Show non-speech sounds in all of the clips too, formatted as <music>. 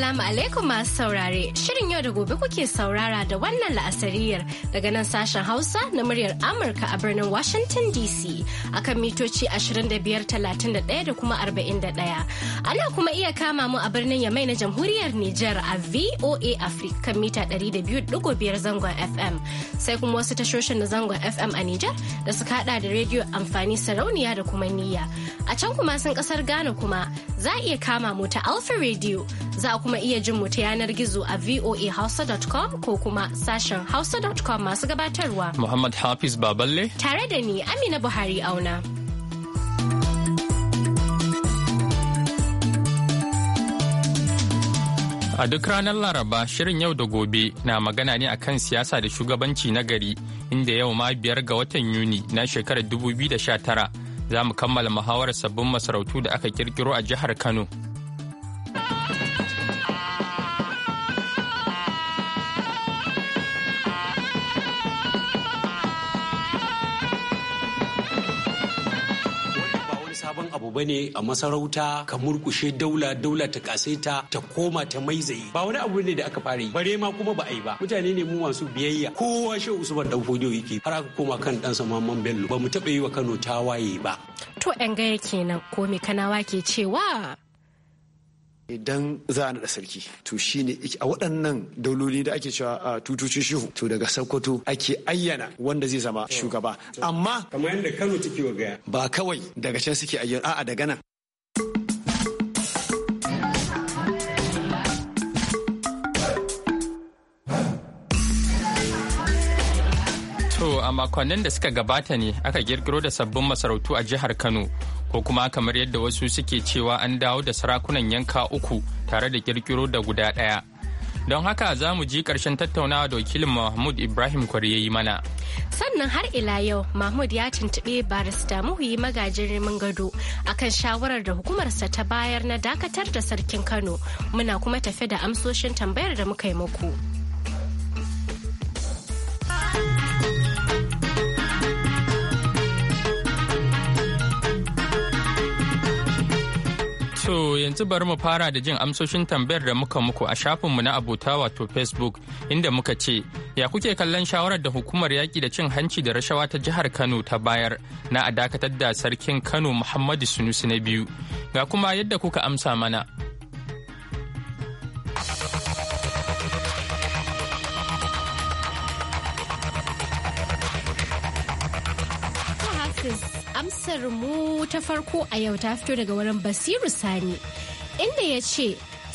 Assalamu alaikum masu saurare, shirin yau da gobe kuke saurara da wannan la'asariyar daga nan sashen Hausa na muryar Amurka a birnin Washington DC akan mitoci 2531 da kuma 41. Ana kuma iya kama mu a birnin Yamai na Jamhuriyar Nijar a VOA Africa kan mita 200.5 zangon FM. Sai kuma wasu tashoshin na zangon FM a Nijar da suka hada da rediyo amfani sarauniya da kuma niyya. A can kuma sun kasar Ghana kuma za a iya kama mu ta Alpha Radio za kuma kuma iya jin mu ta yanar gizo a voahausa.com ko kuma sashen hausa.com masu gabatarwa. Muhammad Hafiz Baballe. Tare da ni Amina Buhari auna. A duk ranar Laraba shirin yau da gobe na magana ne akan siyasa da shugabanci na gari inda yau ma biyar ga watan Yuni na shekarar 2019 za mu kammala muhawarar sabbin masarautu da aka kirkiro a jihar Kano. ba ne a masarauta ka murkushe daula daula ta kasai ta koma ta maizayi ba wani abu ne da aka fara yi bare ma kuma ba a yi ba mutane ne mu masu biyayya kowa shi usman dan fodiyo yake har aka koma kan sa mamman bello ba mu taɓa yi wa kano ta waye ba to ga yake nan ko me kanawa ke cewa idan za a naɗa sarki to shine a waɗannan dauloli da ake cewa a tutocin shehu to daga sokoto ake ayyana wanda zai zama eh. shugaba amma kamar yadda kano take wa gaya ba kawai daga can suke ayyana a'a daga nan To a makonnin da suka gabata ne aka girgiro da sabbin masarautu a jihar Kano ko kuma kamar yadda wasu suke cewa an dawo da sarakunan yanka uku tare da kirkiro da guda ɗaya. Don haka za mu ji ƙarshen tattaunawa da wakilin Mahmud Ibrahim Kwari yi mana. Sannan har ila yau Mahmud ya tuntuɓe barista muhuyi magajin rimin gado akan shawarar da hukumarsa ta bayar na dakatar da sarkin Kano muna kuma tafe da amsoshin tambayar da muka yi muku. To yanzu bari mu fara da jin amsoshin tambayar da muka muku a shafinmu na abota wato Facebook inda muka ce, Ya kuke kallon shawarar da hukumar yaƙi da cin hanci da rashawa ta jihar Kano ta bayar na a dakatar da sarkin Kano Muhammadu Sunusi na biyu. Ga kuma yadda kuka amsa mana. amsar mu ta farko a yau ta fito daga wurin Basiru Sani inda ya ce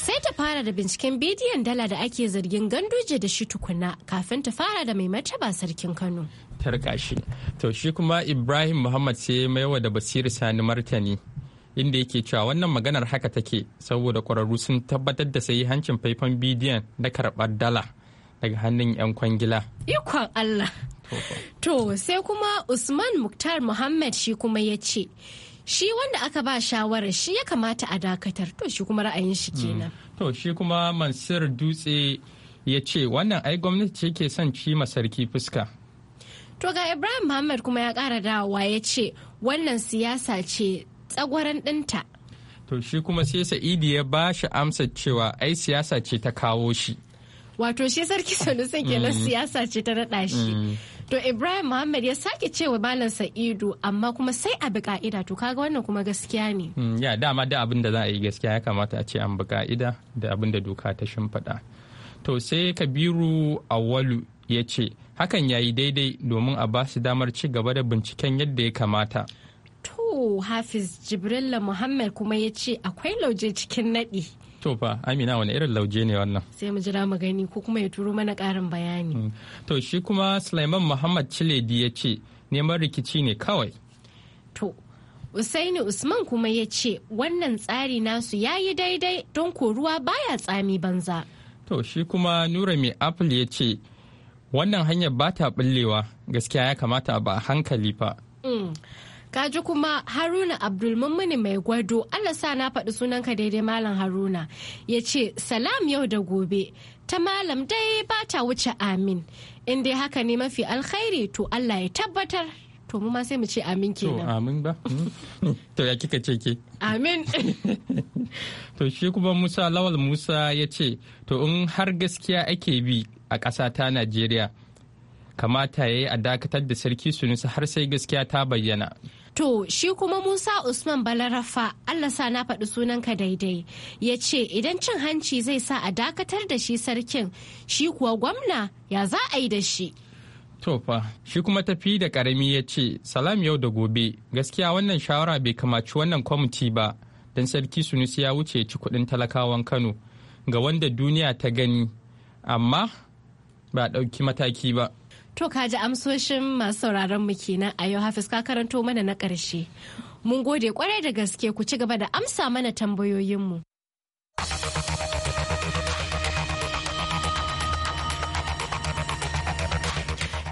sai ta fara da binciken bidiyon dala da ake zargin ganduje da shi tukuna kafin ta fara da mai martaba sarkin Kano. Tarkashi. To shi kuma Ibrahim Muhammad sai maiwa da Basiru Sani martani. inda yake cewa wannan maganar haka take saboda kwararru sun tabbatar da sai hancin faifan bidiyon na karɓar dala daga hannun 'yan kwangila. Ikon Allah. To sai kuma Usman Muktar Muhammad shi kuma ya ce, shi wanda aka ba shawarar shi ya kamata a dakatar to shi kuma ra'ayin shi hmm. kenan. To shi kuma Mansur Dutse ya ce wannan ai gwamnati ce ke son ci sarki fuska. To ga Ibrahim Muhammad kuma ya ƙara dawowa ya ce wannan siyasa ce tsagwaron ɗinta. To shi kuma sai Sa'idi ya ba shi amsa cewa ai siyasa ce ta kawo shi. Wato shi sarki <laughs> Sanusi kenan hmm. siyasa ce ta naɗa shi. Hmm. to ibrahim muhammad ya sake cewa malam sa'idu amma kuma sai a bi ka'ida to kaga wannan kuma gaskiya ne hmm, ya dama da abin da za a yi gaskiya ya kamata a ce an bi ka'ida da abin da doka ta shimfiɗa to sai kabiru awalu ya ce hakan ya yi daidai domin a ba su damar ci gaba da binciken yadda ya kamata to hafiz jibrilla muhammad kuma ya ce akwai lauje cikin naɗi to fa amina wani irin lauje ne wannan sai mu jira mu gani ko kuma ya turo mana karin bayani mm. to shi kuma sulaiman muhammad chiledi ya ce neman rikici ne kawai to Usaini Usman kuma ya ce wannan tsari nasu ya yi daidai don koruwa baya tsami banza. To shi kuma Nura mai Apple ya ce wannan hanyar ba ta ɓullewa gaskiya ya kamata ba hankali fa. Kaji kuma Haruna Abdulmummuni mai gwado Allah sa na faɗi sunanka daidai Malam Haruna ya ce salam yau da gobe ta malam dai ba ta wuce amin inda dai haka ne mafi alkhairi to Allah ya tabbatar to mu ma sai mu ce amin kenan. To amin ba. Hmm? to ya kika ce ke? Amin. <laughs> to shi kuma Musa Lawal Musa ya ce to in har gaskiya ake bi a ƙasa ta Najeriya kamata ya yi a dakatar da sarki su Sunusi har sai gaskiya ta bayyana. To shi kuma Musa Usman Balarafa Allah sa na faɗi sunanka daidai ya ce idan cin hanci zai sa a dakatar da shi sarkin shi kuwa gwamna ya za a yi da shi. To shi kuma tafi da ƙarami ya ce salam yau da gobe gaskiya wannan shawara bai kamaci wannan kwamiti ba don sarki Sunusi ya wuce ci kuɗin talakawan Kano ga wanda duniya ta gani amma ba ɗauki mataki ba. To ka ji amsoshin masu sauraron mu kenan a yau Hafis, ka karanto mana na ƙarshe. Mun gode kwarai da gaske ku ci gaba da amsa mana tambayoyinmu.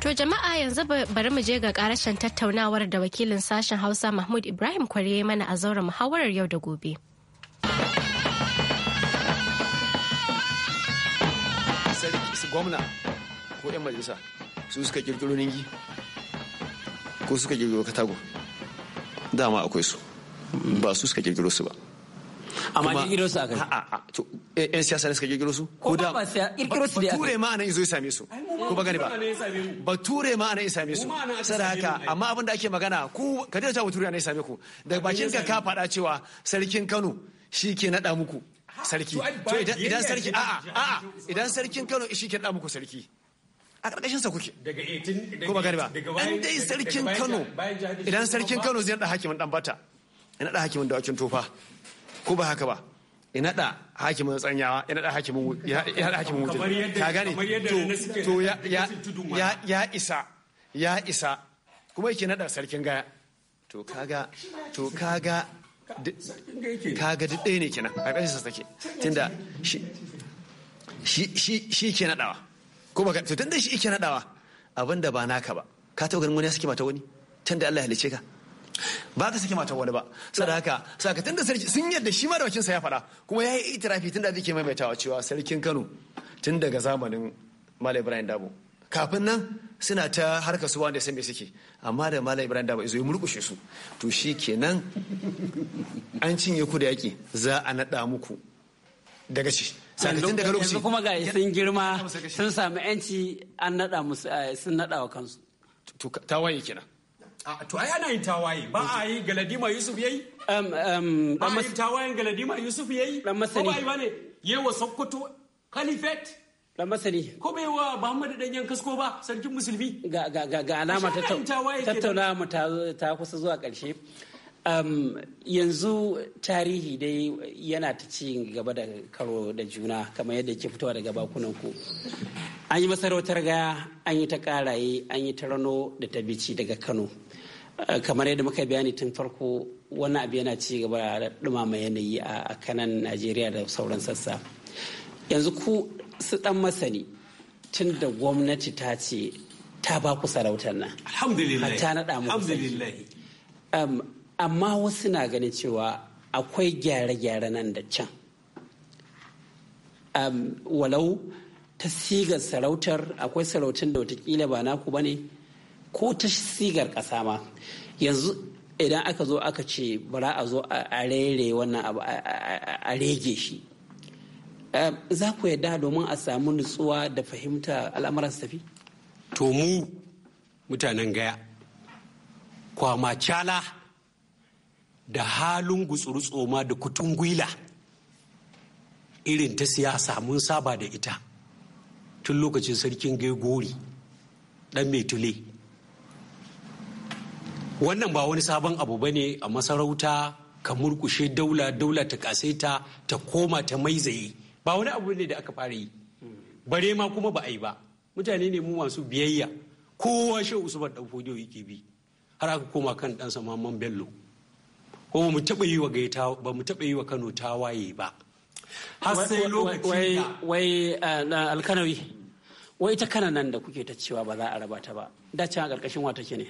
To jama'a yanzu bari mu je ga karashen tattaunawar da wakilin sashen Hausa Mahmud Ibrahim Kware mana a zauren muhawarar yau da gobe. Gwamna ko 'yan majalisa su suka kirkiro ringi ko suka kirkiro katago dama akwai su ba su suka kirkiro su ba amma kirkiro su aka eh, yan siyasa ne suka kirkiro su ko da kirkiro su da ture ma anan izo ya same su ko ba gani ba ba ture ma anan ya same su haka amma abin da ake magana ku ka dace ba ture anan ya same ku daga bakin ka ka faɗa cewa sarkin Kano shi ke naɗa muku sarki to idan sarki a'a a'a idan sarkin Kano shi ke naɗa muku sarki a ƙarƙashin sa kuke eh, ko ba gani ba an dai sarkin Kano idan sarkin Kano zai naɗa hakimin dan bata ya naɗa hakimin dawakin tofa ko ba haka ba ya naɗa hakimin tsanyawa ya naɗa hakimin ya naɗa hakimin wuce ka gane to ya ya isa ya isa kuma yake naɗa sarkin gaya to kaga to kaga kaga duk ɗaya ne kenan a ƙarƙashin sa take tunda shi shi shi ke naɗawa ko ka to tunda shi yake nadawa abin da ba naka ba ka taɓa ganin wani ya saki mata wani tunda Allah ya halice ka ba ka saki mata wani ba saboda haka saka tunda sarki sun yadda shi ma da sa ya faɗa kuma ya yi itirafi tunda ake maimaitawa cewa sarkin Kano tun daga zamanin Malam Ibrahim Dabo kafin nan suna ta harkar su wanda san me suke amma da Malam Ibrahim Dabo izo ya murkushe su to shi kenan an cinye ku da yaki za a naɗa muku daga ci sakacin daga lokaci kuma ga sun girma sun samu yanci an nada musu eh, sun nada wa kansu to tawaye kenan to ai ana yin tawaye ba a yi galadima yusuf yayi um um ba a yi tawayen galadima yusuf yayi dan masani ko ba yi bane yewa sokoto khalifat dan masani ko bai wa muhammadu dan yan kasko ba sarkin musulmi ga ga ga alama tattauna mu ta kusa zuwa karshe Um, yanzu tarihi dai yana ta ci gaba da karo da juna kamar yadda ke fitowa daga bakunanku an yi masarautar gaya an yi ta karaye an yi ta rano da ta bici daga kano kamar yadda muka bayani tun farko wannan abu yana ci gaba da dumama yanayi a kanan najeriya da sauran sassa yanzu ku su dan masani tun da gwamnati ta ce ta ba ku sarautar nan alhamdulillah Hatta na damu alhamdulillah amma wasu na ganin cewa akwai gyare-gyare nan da can um, walau ta sigar sarautar akwai sarautun da watakila ba naku ba ne ko ta sigar ƙasa ma yanzu idan aka zo aka ce bara a zo a rere wannan abu a rege shi za ku yarda domin a samu nutsuwa da fahimta al'amuran tafi? to mu mutanen gaya kwama da halin gutsuru-tsoma da kutun gwila irin ta siyasa mun saba da ita tun lokacin sarkin gegori dan mai wannan ba wani sabon abu ba ne a masarauta ka murkushe daula daula ta kasaita ta koma ta maizaye ba wani abu ne da aka fara yi bare ma kuma ba a yi ba mutane ne mu masu biyayya kowa shehu usman dan fodiyo yake bi har aka koma kan ɗansa maman bello ko mu taɓa yi wa gaita ba mu taɓa yi wa Kano ta waye ba har sai lokaci wai eh, na alkanawi wai ta kana nan da kuke ta cewa ba za a raba ta ba da can a ƙarƙashin wata ne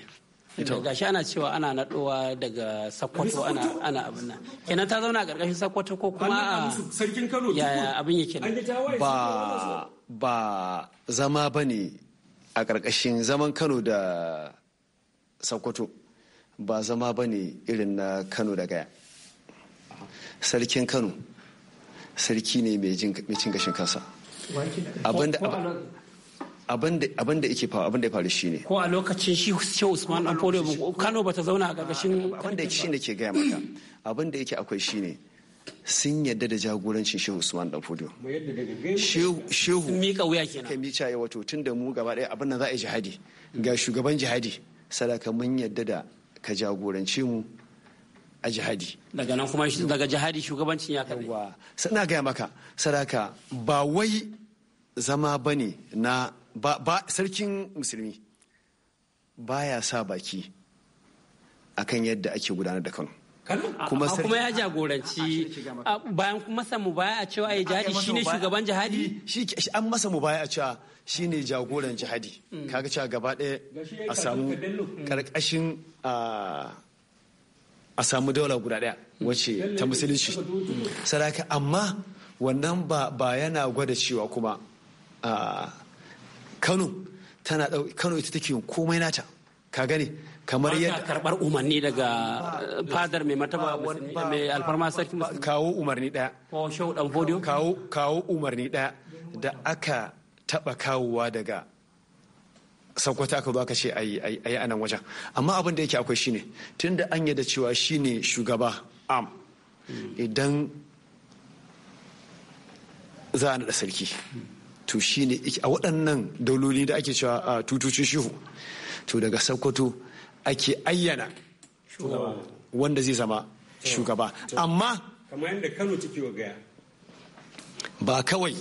gashi ana cewa ana naɗowa daga sakkwato ana abin nan kenan ta zauna a ƙarƙashin sakkwato ko kuma a yaya abin yake ba ba zama ba ne a ƙarƙashin zaman kano da sakkwato ba zama ba ne irin na kano da gaya sarkin kano sarki ne mai cin gashin kansa abin da ike faru abin da ya faru shi ne ko a lokacin shi shi usman apollo kano ba ta zauna a ƙarƙashin abin da shi ne ke gaya maka abin da yake akwai shi ne sun yadda da jagorancin shehu usman dan fudu shehu mika wuya kenan kai mica ya wato tun da mu gaba daya abin nan za a yi jihadi ga shugaban jihadi sadaka mun yadda da ka jagorance mu a jihadi daga nan kuma daga jihadi shugabancin ya karbi na gaya maka sadaka ba wai zama bane na ba, ba sarkin musulmi baya sa baki akan yadda ake gudanar da kano kuma kuma ya jagoranci bayan masa mu baya a cewa ya jihadi shine shugaban jihadi shi an masa mu baya a cewa shine jagoran jihadi mm. kaga cewa gaba ɗaya a samu mm. karkashin a samu daula guda daya mm. wacce ta musulunci saraka amma wannan ba yana gwada cewa kuma kano tana kano ita take yin komai nata ka gane kamar yadda karbar umarni daga eh, fadar mai mataba mai alfarma sarki kawo umarni daya ko show dan fodiyo kawo kawo umarni daya da aka taba kawowa daga sakwata aka zo aka ce ayi ayi anan wajen amma abin da yake akwai shine tunda an yadda cewa shine shugaba am idan za a nada sarki to shine a waɗannan dauloli da ake cewa a tutucin shihu to daga sakwato ake ayyana wanda zai zama shugaba amma kamar yadda kano take wa gaya ba kawai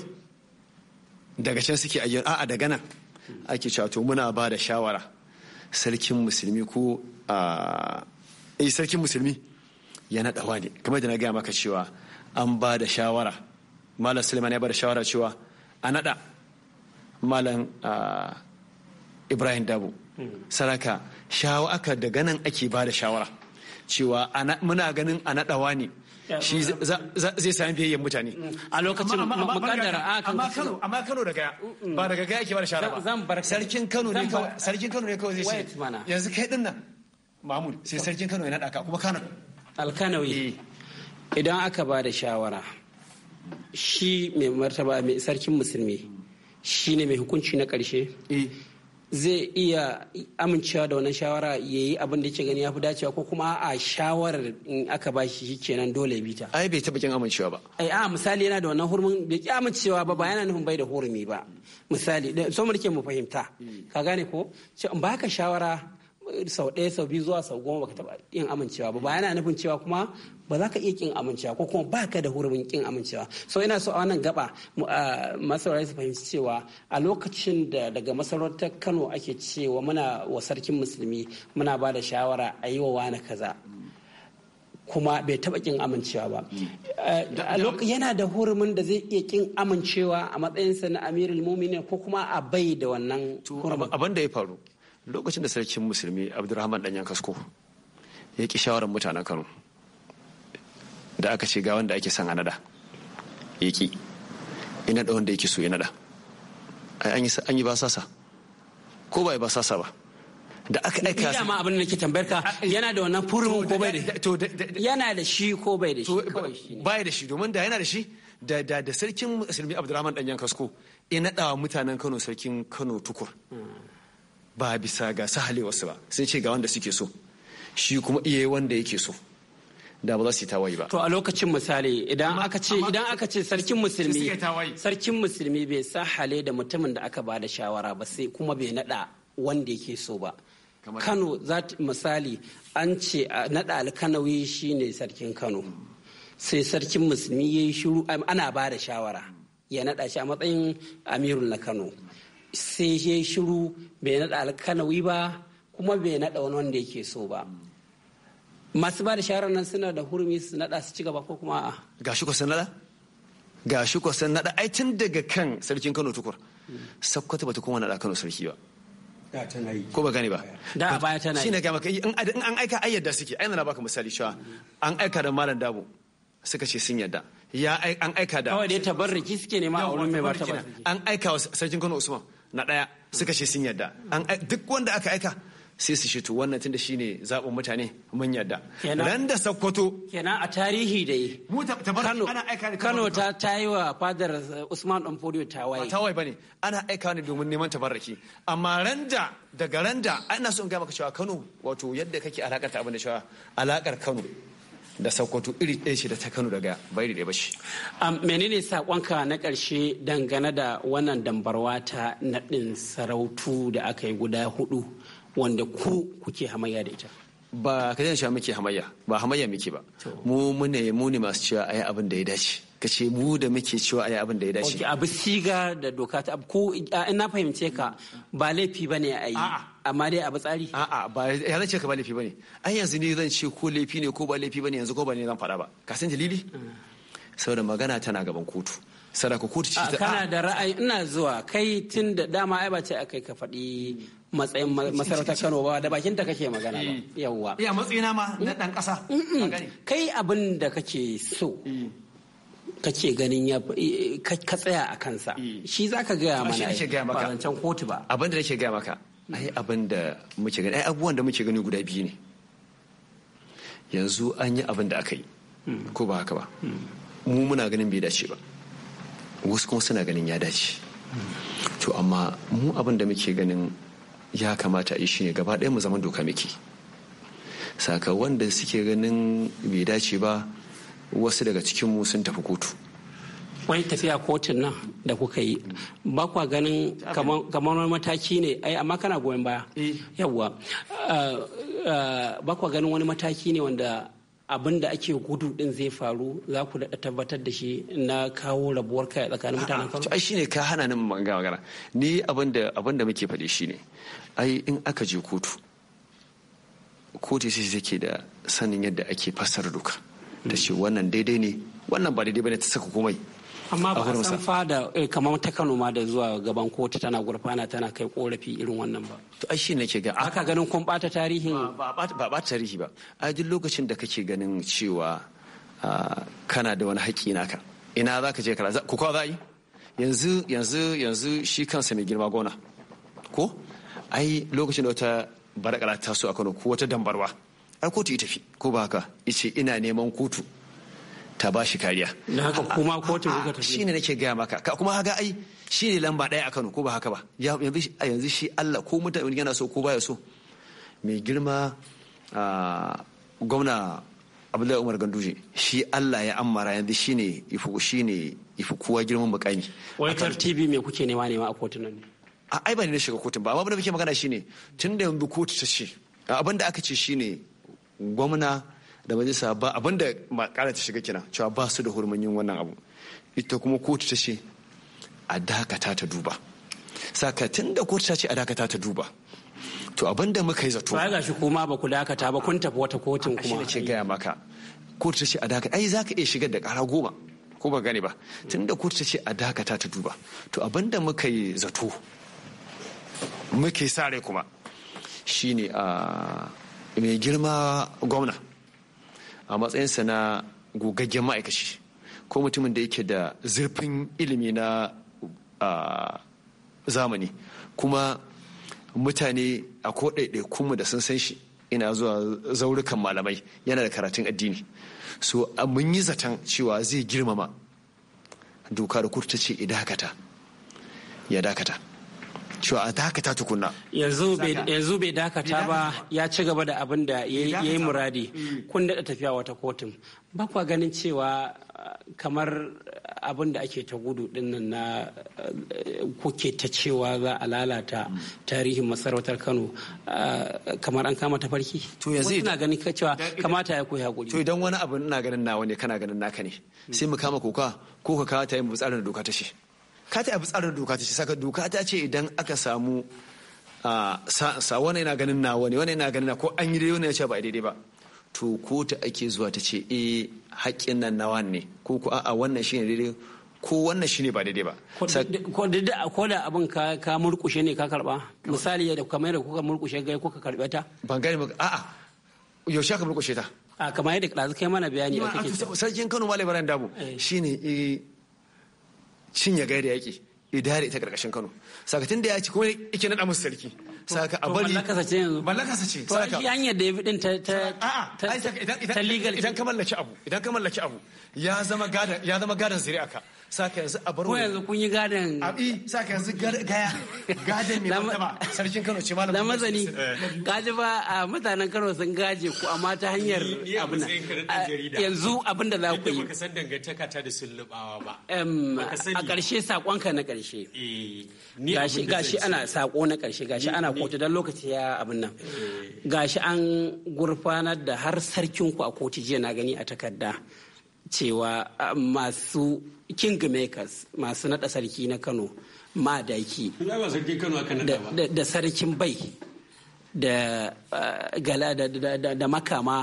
daga can suke ayyana a'a daga nan ake cato to muna ba da shawara sarkin musulmi ko a eh, sarkin musulmi ya naɗawa ne kamar da na gaya maka cewa an ba da shawara malam suleiman ya ba da shawara cewa a naɗa malam ibrahim dabo saraka shawo aka da ganin ake ba da shawara cewa muna ganin a naɗawa ne shi zai sami biyayyen mutane mm. a lokacin makadara a kan kano amma kano da gaya mm. ba daga gaya ake ba da shawara ba sarkin kano ne kawai sarkin kano ne kawai zai ce yanzu kai din nan mamun sai sarkin kano ya naɗa ka kuma kano alkanawi eh. idan aka ba da shawara shi mai martaba mai sarkin musulmi shi ne mai hukunci na ƙarshe eh. zai iya amincewa da wannan shawara ya yi abin da yake gani ya fi dacewa ko kuma a shawarar in aka ba shi kenan dole bi ta. Ai bai taɓa kin amincewa ba. Ai a misali yana da wannan hurumin bai ki amincewa ba ba yana nufin bai da hurumi ba. Misali so mu mu fahimta. Hmm. Ka gane ko? Ba ka shawara sau ɗaya sau biyu zuwa sau goma baka taɓa yin amincewa ba ba yana nufin cewa kuma ba za ka iya kin amincewa ko kuma baka da hurumin kin amincewa so ina so a wannan gaba masarautar su fahimci cewa a lokacin da daga masarautar kano ake cewa muna wa sarkin musulmi muna ba da shawara a yi wa wani kaza kuma bai taɓa kin amincewa ba mm. yana da hurumin da zai iya kin amincewa a matsayinsa na amirul mumini ko kuma a bai da wannan hurumin abin da ya faru lokacin da sarkin musulmi abdurrahman dan kasko ya ki shawarar mutanen kano da aka ce ga wanda ake san a nada ya ki ina da wanda yake so ya nada an yi ba sasa ko ba ba sasa ba da aka aika su ma abin da nake tambayar ka yana da wannan furumin ko bai da to yana da shi ko bai da shi bai da shi domin da yana da shi da da da sarkin musulmi abdurrahman dan kasko ya nada wa mutanen kano sarkin kano tukur hmm. ba bisa ga sahalewarsu ba sai ce ga wanda suke so shi kuma iya wanda yake so da ba za su yi tawayi ba. To a lokacin misali idan aka ce idan aka ce sarkin musulmi sarkin musulmi bai sahale da mutumin da aka ba da shawara ba sai kuma bai nada wanda yake so ba. Kano za misali an ce nada alkanawi shi ne sarkin Kano. Sai sarkin musulmi ya yi shiru ana ba da shawara ya nada shi a matsayin amirul na Kano. sai ya shiru bai naɗa alkanawi ba kuma bai naɗa wani wanda yake so ba masu ba da shawarar nan suna da hurumi su naɗa su ci gaba ko kuma a ga shi kwasan naɗa ga shi kwasan naɗa ai tun daga kan sarkin kano tukur sakkwata bata kuma naɗa kano sarki ba ko ba gani ba da a baya tana yi shine gama kai in an aika yadda suke ai na baka misali cewa an aika da malam dabo suka ce sun yadda ya an aika da kawai dai tabarriki suke nema a wurin mai ba tabarriki an aika wa sarkin Kano Usman na ɗaya suka ce sun yarda duk wanda aka aika sai su shito wannan tunda shine zaɓin mutane mun yarda ran da sakkwato kenan a tarihi da yi kano ta yi wa fadar uh, usman dan fodiyo tawaye tawaye bane ana aika ne domin neman tabarraki amma randa daga randa ana so in ga maka cewa kano wato yadda kake alakar ta abin da cewa alakar kano da sokoto iri ɗaya ce da ta kano daga bairi ɗaya ba ce. menene saƙonka na ƙarshe dangane da wannan dambarwa ta naɗin sarautu da aka yi guda hudu wanda ku kuke hamayya da ita ba ka sha muke hamayya ba hamayya muke ba mu mune mu ne masu cewa a yi abin da ya dace ka ce mu da muke cewa a yi abin da ya dace okay abu siga da doka ta ko ina fahimce ka ba laifi ba ne a yi. amma dai abu tsari a'a ba ya zan ce ka ba laifi bane ai yanzu ne zan ce ko laifi ne ko ba laifi bane yanzu ko ba ne zan faɗa ba ka san dalili saboda magana tana gaban kotu sadaka kotu ce ta kana da ra'ayi ina zuwa kai tun da dama ai ba ce kai ka faɗi matsayin masarautar Kano ba da bakin ta kake magana ba mm. yawwa ya matsayina ma na dan mm. kasa kai abin da kake so mm. kake ganin ya eh, ka tsaya a kansa shi zaka gaya mana ba zancen kotu ba abin da nake gaya maka ai abin da muke gani ai abubuwan da muke gani guda biyu ne yanzu an yi abin aka yi hmm. ko ba haka ba hmm. mu muna ganin bai dace ba wasu kuma suna ganin ya dace hmm. to amma mu abinda da muke ganin ya kamata a yi shine gaba ɗaya mu zama doka muke saka wanda suke ganin bai dace ba wasu daga cikin mu sun tafi kotu wani tafiya kotun nan da kuka yi ba kwa ganin kamar wani mataki ne ai amma kana goyon baya eh. yawwa ah, ah, ba kwa ganin wani mataki ne wanda abin da ake gudu din zai faru za ku da tabbatar da shi na kawo rabuwar kai tsakanin mutanen kano ai shine ka hana nan magana magana ni abin da abin da muke faɗi shine ai in aka je kotu kotu sai take da sanin yadda ake fassara doka ta ce wannan daidai ne wannan ba daidai bane ta saka komai amma ba a san fada eh, kamar ta Kano ma da zuwa gaban kotu tana gurfana tana kai korafi irin wannan ba to ai shi nake ga aka ganin kun bata tarihin ba ba tarihi ba ai duk lokacin da kake ganin cewa ah, kana da wani haƙƙi naka ina za ka je kara ku kwa za yi yanzu yanzu yanzu shi kansa mai girma gona ko ai lokacin da wata barakala ta so a Kano ko wata dambarwa ai kotu ita fi ko ba haka ice ina neman kotu ta ba shi kariya Na haka kuma kotun ta shi shine nake gaya maka kuma haka ai Shi ne lamba ɗaya a Kano ko ba haka ba yanzu shi Allah ko mutane yana so ko baya so mai girma gwamna abdullahi umar ganduje shi allah ya ammara yanzu ifu shi ne ifu kowa girman mukami wai tartibi me kuke nema nema a kotun nan a ai ba ne na shiga kotun ba amma abin da muke magana shine Tunda da yanzu kotu ta ce abin da aka ce shine gwamna da majalisa ba abin da kara ta shiga kina cewa ba su da hurumin yin wannan abu ita kuma kotu ta ce a dakata ta duba sakatin da kotu ta ce a dakata ta duba to abin da muka yi zato ba ga shi kuma ba ku dakata ba kun tafi wata kotun kuma shi ce gaya maka kotu ta ce a dakata ai zaka iya shigar da kara goma ko ba gane ba tunda kotu ta ce a dakata ta duba to abin da muka yi zato muke sare kuma shine a ah, mai girma gwamna a matsayinsa na gogaggen ma'aikaci ko mutumin da yake da zurfin ilimi na zamani kuma mutane a ko ɗaiɗaikunmu da sun san shi ina zuwa zaurukan malamai yana da karatun addini so mun yi zaton cewa zai girmama doka da ta ce ya dakata ya dakata cewa a dakata tukuna yanzu bai dakata ba ya ci gaba da abin da ya yi muradi mm. kun daɗa tafiya wata kotun ba kuwa ganin cewa uh, kamar uh, abin da ake ta gudu dinnan na uh, kuke ta cewa za a lalata mm. tarihin masarautar kano kamar an kama farki to yanzu ina ganin ka cewa kamata ya koyi hakuri to idan wani abu ina ganin nawa ne kana ganin naka ne mm. sai mu kama koka ko ka kawo ta yi mu da doka ta shi ka ta abu tsarin doka ta ce saka doka ta ce idan aka samu sa wani yana ganin na wani wani yana ganin na ko an yi dai wani ya ce ba daidai ba to ko ta ake zuwa ta ce eh haƙƙin nan nawa ne ko ko a'a wannan shine daidai ko wannan shine ba daidai ba ko da abin ka ka murkushe ne ka karba misali da kamar yadda kuka murkushe gai kuka karbe ta ban gani ba a'a yaushe ka murkushe ta a kamar yadda kaza kai mana bayani a kake sarkin Kano Malam Ibrahim Dabo shine eh, eh cinye gaya da yaƙi idare ita ƙarƙashin Kano sakatin da ya ci kuma yake naɗa musu sarki saka a bari mallakasa ce yanzu mallakasa ce saka shi hanyar da ya bi din ta ta legal idan ka mallaki abu idan ka mallaki abu ya zama gadan ya zama gadan zuri'a ka saka yanzu kun yi abi yanzu ba eh. mutanen Kano sun gaje ku amma ta hanyar yanzu abin da za ku yi a karshe sakonka na karshe eh, gashi gashi ana sako na karshe gashi ana kotu dan lokaci ya abin nan eh. gashi an gurfanar da har sarkin ku a kotu jiya na gani a takarda cewa ah, masu kingmakers masu nada sarki na kano madaki da sarkin bai da ah, gala da makama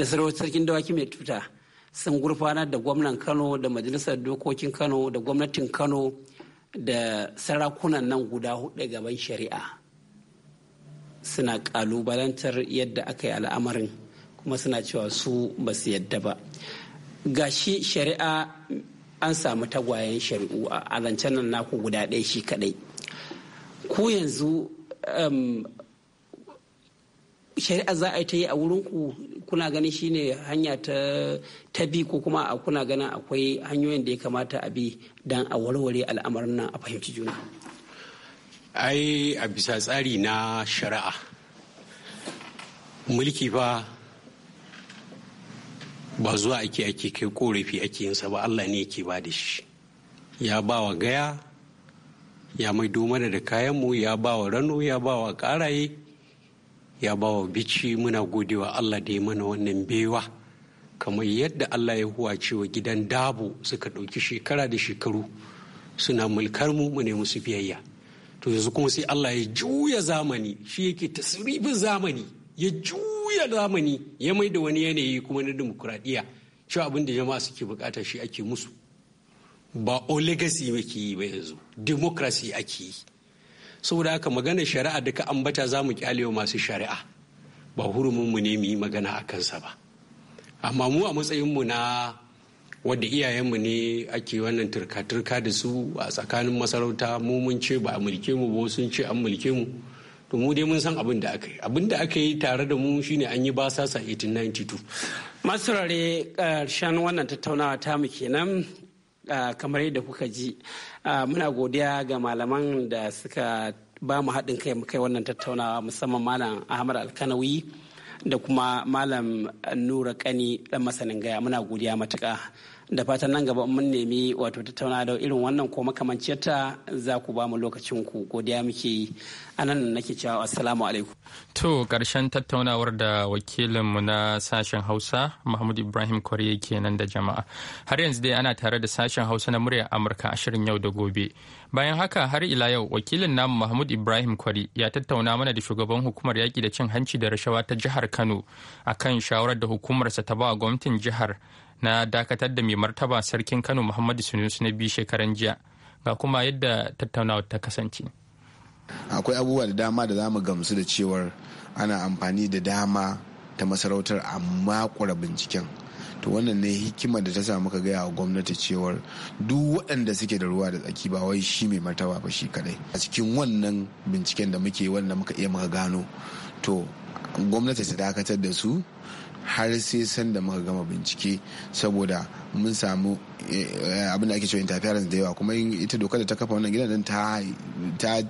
da sarkin dawaki mai tuta sun gurfanar da gwamnan kano da majalisar dokokin kano da gwamnatin kano da sarakunan nan guda hudu gaban shari'a suna kalubalantar yadda aka yi al'amarin kuma suna cewa su ba su yadda ba gashi shari'a an samu tagwayen shari'u a zancen nan naku guda ɗaya shi kaɗai ku yanzu um, shari'a za a yi ta yi a wurinku kuna ganin shine hanya ta bi ko kuma a kuna ganin akwai hanyoyin da ya kamata a bi don a warware al'amarin nan a fahimci juna ai a bisa tsari na shari'a mulki ba ba zuwa ake ake kai korafi ake yinsa ba allah ne yake ba da shi ya ba wa gaya ya mai mana da kayanmu ya ba wa rano ya ba wa karaye ya ba wa bici muna godewa allah da ya mana wannan bewa kamar yadda allah ya huwa cewa gidan dabu suka ɗauki shekara da shekaru suna mulkar mu mu ne musu biyayya to yanzu kuma sai allah ya juya zamani shi yake tasribin zamani ya juya juya zamani ya mai da wani yanayi kuma na demokuraɗiyya cewa abin da jama'a suke bukata shi ake musu ba ba muke yi ba yanzu democracy ake yi saboda haka magana shari'a duka ambata za mu kyalewa masu shari'a ba mu ne mu yi magana a kansa ba amma mu a matsayin mu na wadda mu ne ake wannan turka-turka da su a tsakanin masarauta mu mun ce ba a mulke mu ba sun ce an mulke mu to mu dai mun san abin da aka yi abin da aka yi tare da mu shine an yi basasa 1892 masu rare karshen wannan tattaunawa ta mu kenan kamar yadda kuka ji muna godiya ga malaman da suka ba mu haɗin kai mu kai wannan tattaunawa musamman malam ahmad alkanawi da kuma malam nura kani dan masanin gaya muna godiya matuƙa da fatan nan gaba mun nemi wato tattauna da irin wannan ko makamanciyarta za ku ba mu lokacin ku godiya muke yi anan nake cewa assalamu alaikum to karshen tattaunawar da wakilinmu na sashen hausa mahmud ibrahim kwarye nan da jama'a har yanzu dai ana tare da sashen hausa na muryar amurka a shirin yau da gobe bayan haka har ila yau wakilin namu mahmud ibrahim kwari ya tattauna mana da shugaban hukumar yaƙi da cin hanci da rashawa ta jihar kano akan shawarar da hukumarsa ta ba gwamnatin jihar na dakatar da mai martaba sarkin kano muhammadu sunusu na biyu shekaran jiya ga kuma yadda tattaunawa ta kasance akwai abubuwa da dama da zamu gamsu da cewar ana amfani da dama ta masarautar amma kura binciken to wannan ne hikima da ta samu ka gaya wa gwamnati cewar duk waɗanda suke da ruwa da tsaki ba wai shi mai martaba ba shi kadai a cikin wannan binciken da muke wanda muka iya muka gano to gwamnati ta dakatar da su har sai sanda muka gama bincike saboda mun samu eh, abin da ake cewa interference da yawa kuma ita doka da ta kafa wannan gidan ta ta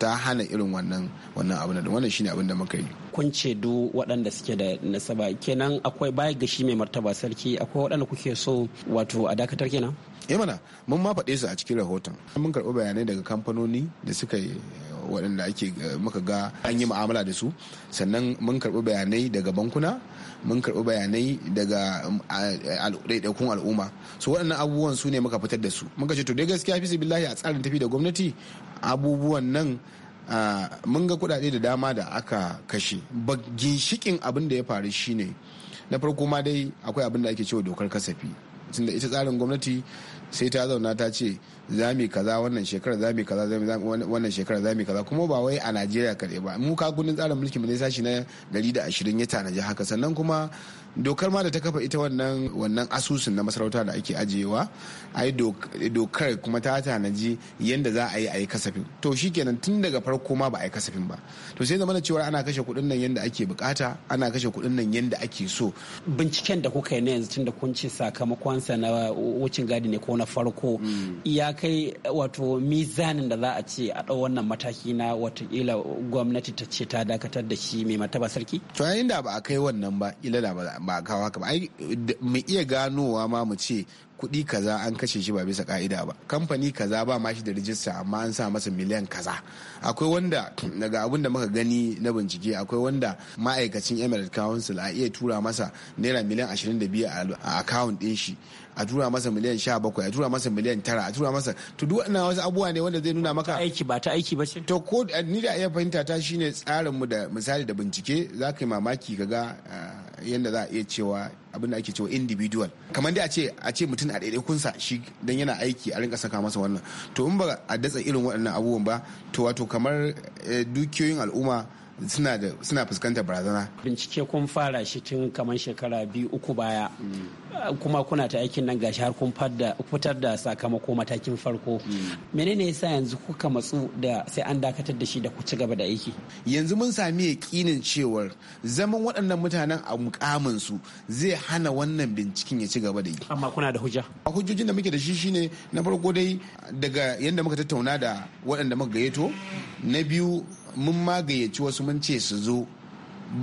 ta hana irin wannan wannan abin da wannan shine abin muka yi kun ce du waɗanda suke da nasaba kenan akwai baya gashi mai martaba sarki akwai waɗanda kuke so wato a dakatar kenan eh mana mun ma faɗe su a cikin rahoton mun karɓi bayanai daga kamfanoni da suka yi waɗanda ake eh, muka ga an yi mu'amala da su sannan mun karɓi bayanai daga bankuna mun karɓi bayanai daga mm, ɗaiɗaikun al'umma su waɗannan abubuwan su ne muka fitar da su muka ce to dai gaskiya fi billahi a tsarin tafi da gwamnati abubuwan nan mun ga kuɗaɗe da dama da aka kashe ba ginshikin abin da ya faru shine na farko ma dai akwai abin da ake cewa dokar kasafi tunda ita tsarin gwamnati sai ta zauna ta ce za mu kaza wannan shekarar za mu kaza wannan shekarar za mu kaza kuma ba wai a Najeriya kaɗai ba mu ka gudun tsarin mulki mu ne sashi na 120 ya tanaji haka sannan kuma dokar ma da ta kafa ita wannan asusun na masarauta da ake ajiyewa ai dokar kuma ta tanaji yadda za a yi a yi kasafin to shikenan tun daga farko ma ba a yi kasafin ba to sai zamana cewa ana kashe kuɗin nan yadda ake bukata ana kashe kuɗin nan yadda ake so binciken da kuka yi na yanzu tun da kun ce sakamakonsa na wucin gadi ne ko na farko ya kai wato mizanin da za a ce a ɗau wannan mataki na watakila gwamnati ta ce ta dakatar da shi mai mataba sarki? to yayin da ba a kai wannan ba ila da ba a kawo haka ba mu iya ganowa ma mu ce kuɗi kaza an kashe shi ba bisa ka'ida ba kamfani kaza ba ma shi da rijista amma an sa masa miliyan kaza akwai wanda daga abin da muka gani na bincike akwai wanda ma'aikacin emirate council a iya tura masa naira miliyan 25 a account ɗin shi a tura masa miliyan sha bakwai a tura masa miliyan tara a tura masa to duk wannan wasu abubuwa ne wanda zai nuna maka aiki ba ta aiki ba ce to ko ni da iya fahimta ta shine tsarin mu da misali da bincike za ka yi mamaki ka ga eh, yadda za a iya cewa abin da ake cewa individual kamar dai a ce a ce mutum a kunsa shi dan yana aiki a rinka saka masa wannan to in ba a datsa irin waɗannan abubuwan ba to wato kamar eh, dukiyoyin al'umma suna fuskantar barazana bincike kun fara shi tun kamar shekara biyu uku baya mm. kuma kuna ta aikin nan gashi har kun fitar da sakamako matakin farko mm. menene yasa yanzu kuka matsu da sai an dakatar da shi da ku ci gaba da aiki yanzu mun sami yakinin cewar zaman waɗannan mutanen a mukamin su zai hana wannan binciken ya ci gaba da yi amma kuna da hujja a hujjojin da muke da shi shine na farko dai daga yadda muka tattauna da waɗanda muka gayyato na biyu mun magayyaci wasu mun ce su zo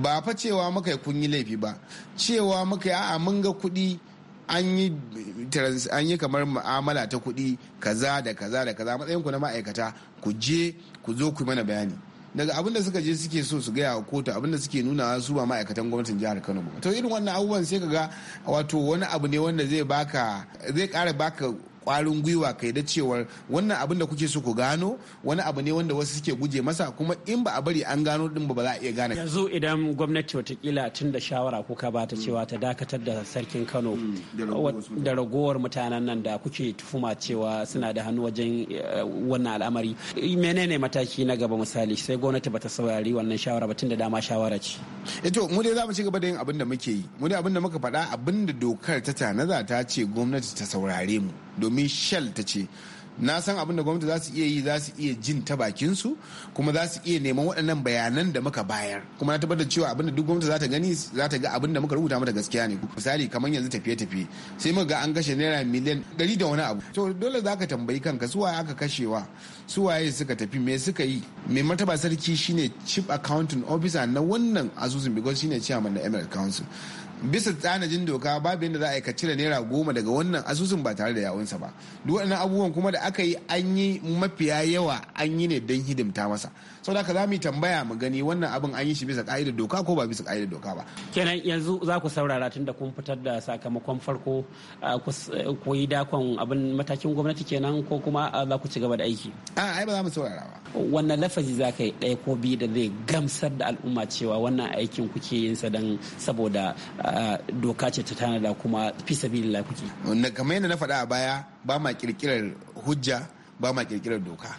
ba fa cewa muka kun yi laifi ba cewa muka a'a mun ga kuɗi an yi kamar mu'amala ta kuɗi kaza da kaza da kaza matsayin ku na ma'aikata ku je ku zo ku mana bayani daga abin da suka je suke so su gaya wa kotu abin da suke nuna su ba ma'aikatan gwamnatin jihar kano ba to irin wannan abubuwan sai ka ga wato wani abu ne wanda zai baka zai kara baka kwarin gwiwa kai da cewar wannan abin da kuke so ku gano wani abu ne wanda wasu suke guje masa kuma in ba a bari an gano din ba za a iya gane yanzu idan gwamnati watakila tun da shawara kuka ba ta cewa ta dakatar da sarkin kano mm, da ragowar mutanen nan da kuke tufuma cewa suna da hannu wajen eh, wannan al'amari menene mataki na gaba misali sai gwamnati bata saurari wannan shawara ba tun da dama shawara ce ito eh mu dai za mu ci gaba da yin abin da muke yi mu dai abin da muka faɗa abin da dokar ta tanada ta ce gwamnati ta saurare mu domin shell ta ce na san abin da gwamnati za su iya yi za su iya jin ta bakinsu kuma za su iya neman waɗannan bayanan da muka bayar kuma na tabbatar cewa abin da duk gwamnati za ta gani za ta ga abin da muka rubuta mata gaskiya ne misali kamar yanzu tafiye-tafiye sai muka ga an kashe naira miliyan ɗari da wani abu to dole za ka tambayi kanka su waye aka kashewa su waye suka tafi me suka yi mai martaba sarki shine chief accounting officer na wannan asusun because shine chairman na emirate council bisa tsanajin doka babu yadda za a yi ka cire naira goma daga wannan asusun ba tare da yawunsa ba duk waɗannan abubuwan kuma da aka yi an yi mafiya yawa an yi ne don hidimta masa sau da za mu tambaya mu gani wannan abin an yi shi bisa ka'idar doka ko ba bisa ka'idar doka ba kenan yanzu za ku saurara tun da kun fitar da sakamakon farko eh, ku yi dakon abin matakin gwamnati kenan ko kuma za ku ci gaba da aiki a ai ba za mu saurara ba wannan lafazi za ka yi ɗaya ko biyu da zai gamsar da al'umma cewa wannan aikin kuke yin sa don saboda doka ce ta tanada kuma fi sabilillah kuke kamar yadda na faɗa a baya ba ma kirkirar hujja ba ma kirkirar doka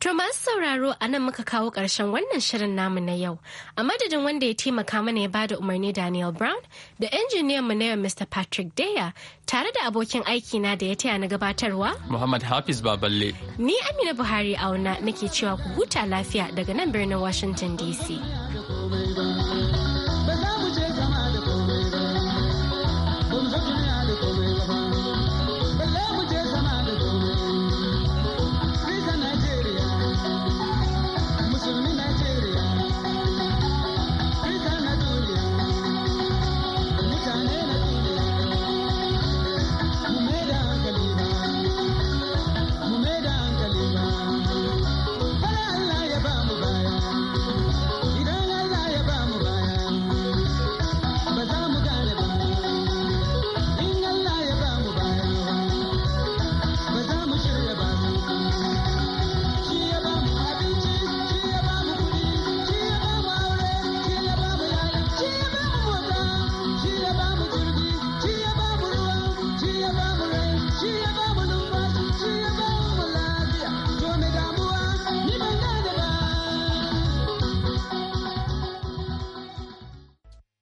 To masu sauraro a nan muka kawo ƙarshen wannan shirin namu na yau. A madadin wanda ya taimaka mana ya bada umarni Daniel Brown da injiniyan mu na yau Mr. Patrick Deya tare da abokin aiki na da ya taya na gabatarwa. Muhammad Hafiz Baballe. Ni Amina Buhari auna nake cewa ku huta lafiya daga nan birnin Washington DC.